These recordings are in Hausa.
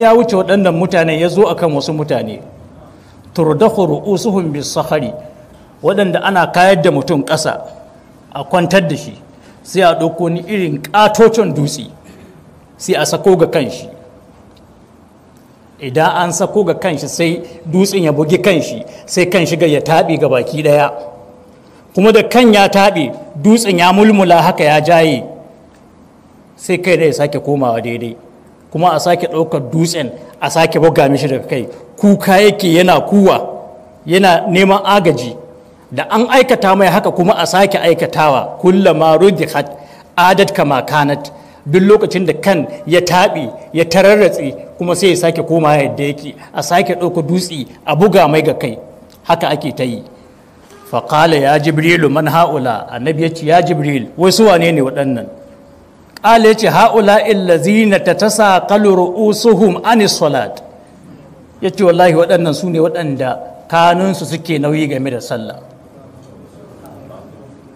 ya wuce waɗannan mutane ya zo a kan wasu mutane turdahu ru'usuhum bis sahari waɗanda ana kayar da mutum ƙasa a kwantar da shi sai a ɗauko ni irin ƙatocin dutse sai a sako ga kanshi idan an sako ga kanshi sai dutsen ya bugi kanshi sai kanshi ga ya taɓe ga baki ɗaya kuma da kan ya taɓe dutsen ya mulmula haka ya jaye sai kai da ya sake komawa daidai kuma a sake ɗaukar dutsen a sake buga mishi daga kai kuka yake yana kuwa yana neman agaji da an aikata mai haka kuma a sake aikatawa ma rudihat adat kama kanat duk lokacin da kan ya taɓi ya tararratse kuma sai ya sake koma yadda yake a sake ɗaukar dutse a buga mai ga kai haka ake ta yi faƙala ya jibrilu man ha'ula annabi ya ce ya jibril wai wane ne waɗannan Ali ya ce ha'ula illazina ta tasa kaloru usuhum anis salat ya ce wallahi waɗannan su ne waɗanda kanunsu suke nauyi game da sallah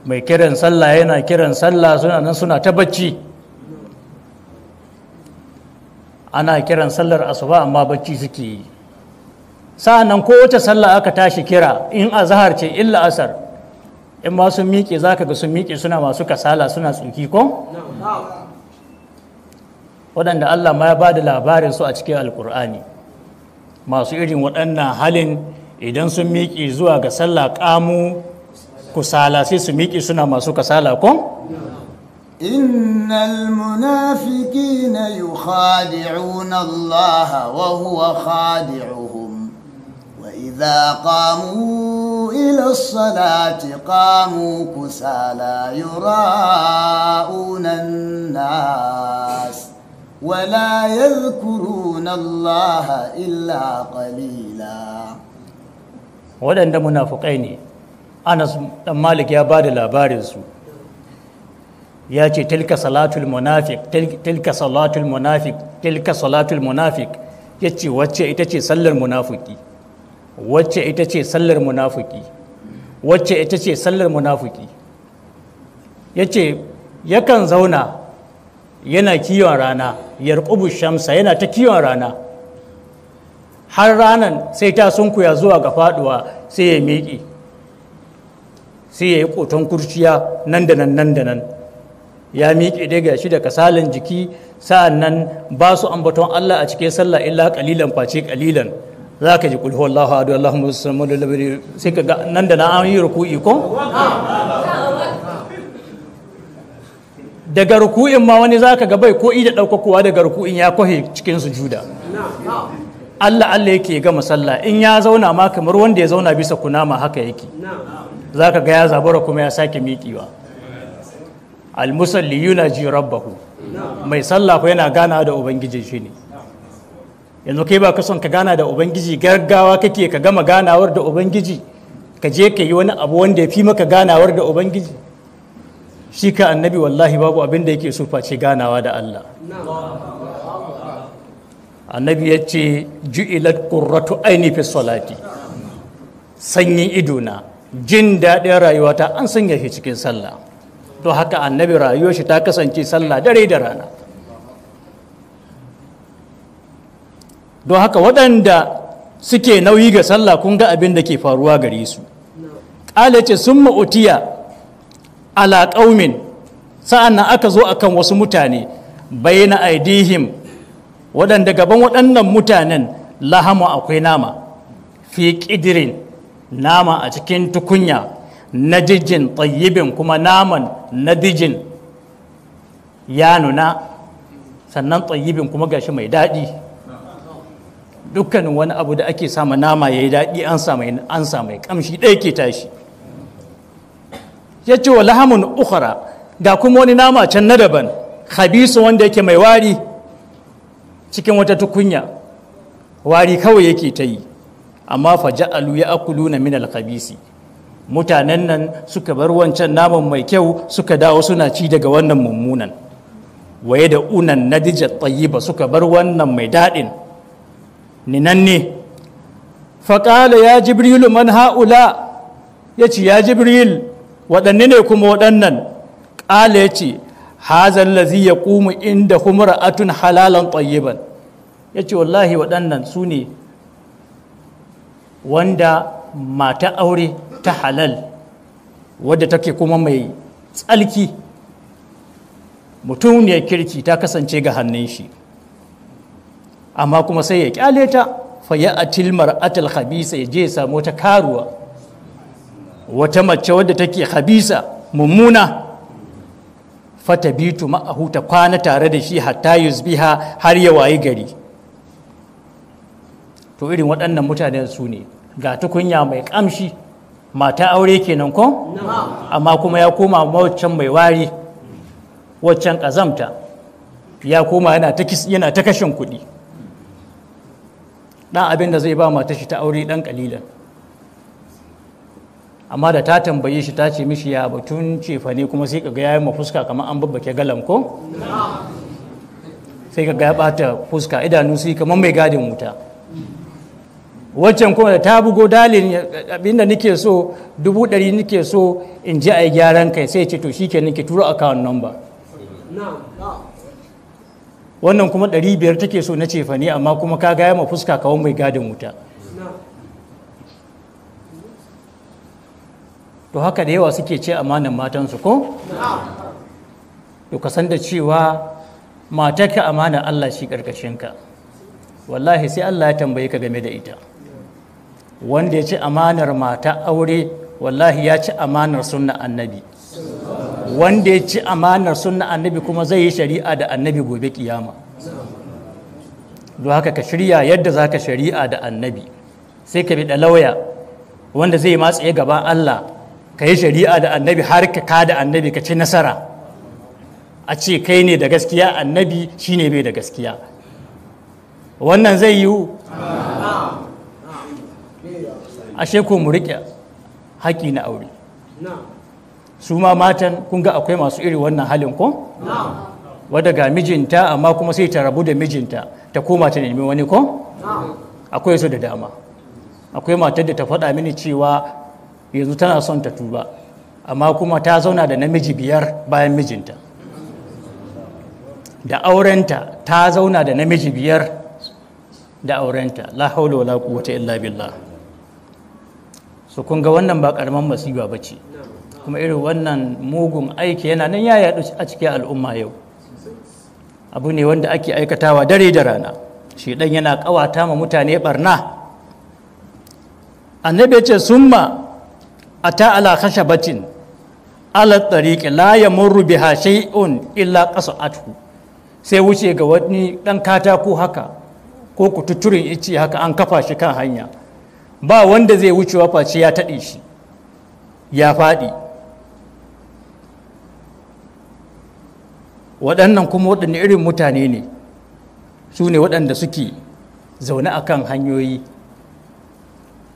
mai kiran sallah yana kiran sallah suna nan suna ta bacci ana kiran sallar asuba amma bacci suke yi sa'annan ko wata sallah aka tashi kira in azhar ce in la'asar. in masu sun miƙe za ka ga sun miƙe suna masu kasala suna tsuki ko waɗanda allah ma ya ba da labarin su a cikin alkur'ani masu irin waɗannan halin idan sun miƙe zuwa ga sallah ƙamu kusala sai su miƙe suna masu kasala ko إن Allah wa huwa وهو wa idha qamu إلى الصلاة قاموا كسالى يراءون الناس ولا يذكرون الله إلا قليلا waɗanda munafukai ne anas ɗan malik ya ba da labarinsu ya ce tilka salatul munafik tilka salatul munafik tilka salatul munafik ya ce wacce ita ce sallar munafuki wacce ita ce sallar munafuki? wacce ita ce sallar munafiki ya ce yakan zauna yana kiwon rana yarkubu shamsa yana ta kiwon rana har ranan sai ta sunkuya zuwa ga faduwa sai ya miƙi sai ya yi ƙoton kurciya nan da nan da nan ya miƙe daga shi da salin jiki sa'an nan ba su ambaton Allah a cikin sallah illa ƙalilan face ƙalilan za ka ji kulhu Allahu Allah Allahu musamman da labari sai ka ga nan da na an yi ruku'i ko daga ruku'in ma wani za ka ga bai ko ida ɗaukakowa daga ruku'in ya kwahe cikin sujuda Allah Allah yake gama sallah in ya zauna ma kamar wanda ya zauna bisa kunama haka yake za ka ga ya zabura kuma ya sake miƙewa Al-musalli yuna ji rabbahu mai sallah yana gana da ubangiji shi ne yanzu kai ba ka son ka gana da ubangiji gargawa kake ka gama ganawar da ubangiji ka je ka yi wani abu wanda ya fi maka ganawar da ubangiji shi ka annabi wallahi babu abin da yake so face ganawa da Allah annabi ya ce ju'ilat qurratu aini fi salati sanyin na jin daɗin rayuwata an sanya shi cikin sallah to haka annabi rayuwar shi ta kasance sallah dare da rana don haka waɗanda suke nauyi ga sallah kun ga abin da ke faruwa gare su ƙala ce sun ma'utiya ala ƙaumin sa'an nan aka zo akan wasu mutane bai na aidihim waɗanda gaban waɗannan mutanen lahama akwai nama fi ƙidirin nama a cikin tukunya na nadijin tsayibin kuma naman nadijin ya nuna sannan tsayibin kuma gashi mai daɗi dukkanin wani abu da ake sama nama ya yi daɗi an samu an kamshi ɗaya ke tashi ya ce wa lahamun ukhara ga kuma wani nama can na daban habisu wanda yake mai wari cikin wata tukunya wari kawai yake ta yi amma fa ja'alu ya akuluna min al-khabisi mutanen nan suka bar wancan naman mai kyau suka dawo suna ci daga wannan mummunan waye da unan nadija ba suka bar wannan mai daɗin ninanne faƙala ya jibrilu man ha'ula ya ce ya jibril waɗanne ne kuma waɗannan ƙala ya ce hazan lazi ya ƙumu inda kuma atun halalan ba. ya ce wallahi waɗannan su ne wanda mata aure ta halal wadda take kuma mai tsalki mutum ne kirki ta kasance ga hannun shi amma kuma sai ya kyale ta fa ya atil atal khabisa ya je ya samu wata karuwa wata mace wadda take khabisa mummuna fata bitu ma'ahu ta kwana tare da shi hatta yuzbiha har ya wayi gari to irin waɗannan mutanen su ne ga tukunya mai ƙamshi mata aure kenan ko amma kuma ya koma waccan mai wari waccan ƙazamta ya koma yana ta kashin kuɗi ɗan abin da zai ba mata shi ta aure ɗan ƙalilan amma da ta tambaye shi ta ce mishi ya batun cefa ne kuma sai kaga ya yi fuska kamar an babbake galan ko sai kaga ya ɓata fuska idanu sai kamar mai gadin wuta waccan kuma da ta bugo dalin abinda nake so dubu ɗari nake so in ji a yi gyaran kai sai ce to shi ke nake turo account number wannan kuma ɗari biyar take so na cefa ne amma kuma ka gaya ma fuska kawon mai gadin wuta to haka da yawa suke ce amanan matansu ko? to ka san da cewa matarka amanar Allah shi ka wallahi sai Allah ya tambaye ka game da ita wanda ya ci amanar mata aure wallahi ya ci amanar sunna annabi wanda ya ci amanar sunna annabi kuma zai yi shari'a da annabi gobe kiyama don haka ka shirya yadda za ka shari'a da annabi sai ka bi da lauya wanda zai matse gaban Allah ka yi shari'a da annabi har ka ka da annabi ka ci nasara a ce kai ne da gaskiya annabi shine bai da gaskiya wannan zai yiwu ashe ko mu riƙe haƙi na aure su ma matan kun ga akwai masu iri wannan halin ko wadda ga mijinta amma kuma sai ta rabu da mijinta ta koma ta nemi wani ko akwai su da dama akwai matar da ta faɗa mini cewa yanzu tana son ta tuba amma kuma ta zauna da namiji biyar bayan mijinta da aurenta ta zauna da namiji biyar da aurenta la haula wala quwwata illa billah su kun ga wannan ba karaman masiba bace kuma irin wannan mugun aiki yana nan ya yaɗu a cikin al'umma yau abu ne wanda ake aikatawa dare da rana shi ɗan yana ƙawata ma mutane ɓarna annabi ce summa a ta ala khashabatin ala tsariƙi la mun rubi biha shay'un illa qasa'athu sai wuce ga wani ɗan katako haka ko kututturin ice haka an kafa shi kan hanya ba wanda zai wucewa face ya taɗe shi ya faɗi waɗannan kuma waɗanne irin mutane ne su ne waɗanda suke zaune a kan hanyoyi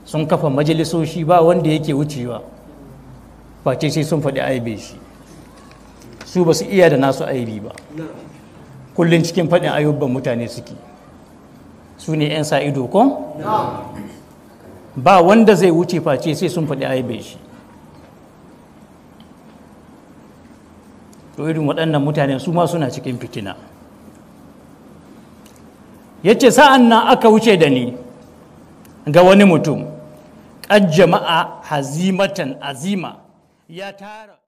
sun kafa majalisoshi ba wanda yake wucewa face sai sun faɗi aibe shi su ba su iya da nasu aibi ba kullum cikin faɗin ayyubban mutane suke su ne 'yan sa ido ko ba wanda zai wuce face sai sun faɗi aibe shi to irin waɗannan mutane su ma suna cikin fitina ya ce sa'an nan aka wuce da ni ga wani mutum ƙan jama'a hazimatan azima ya tara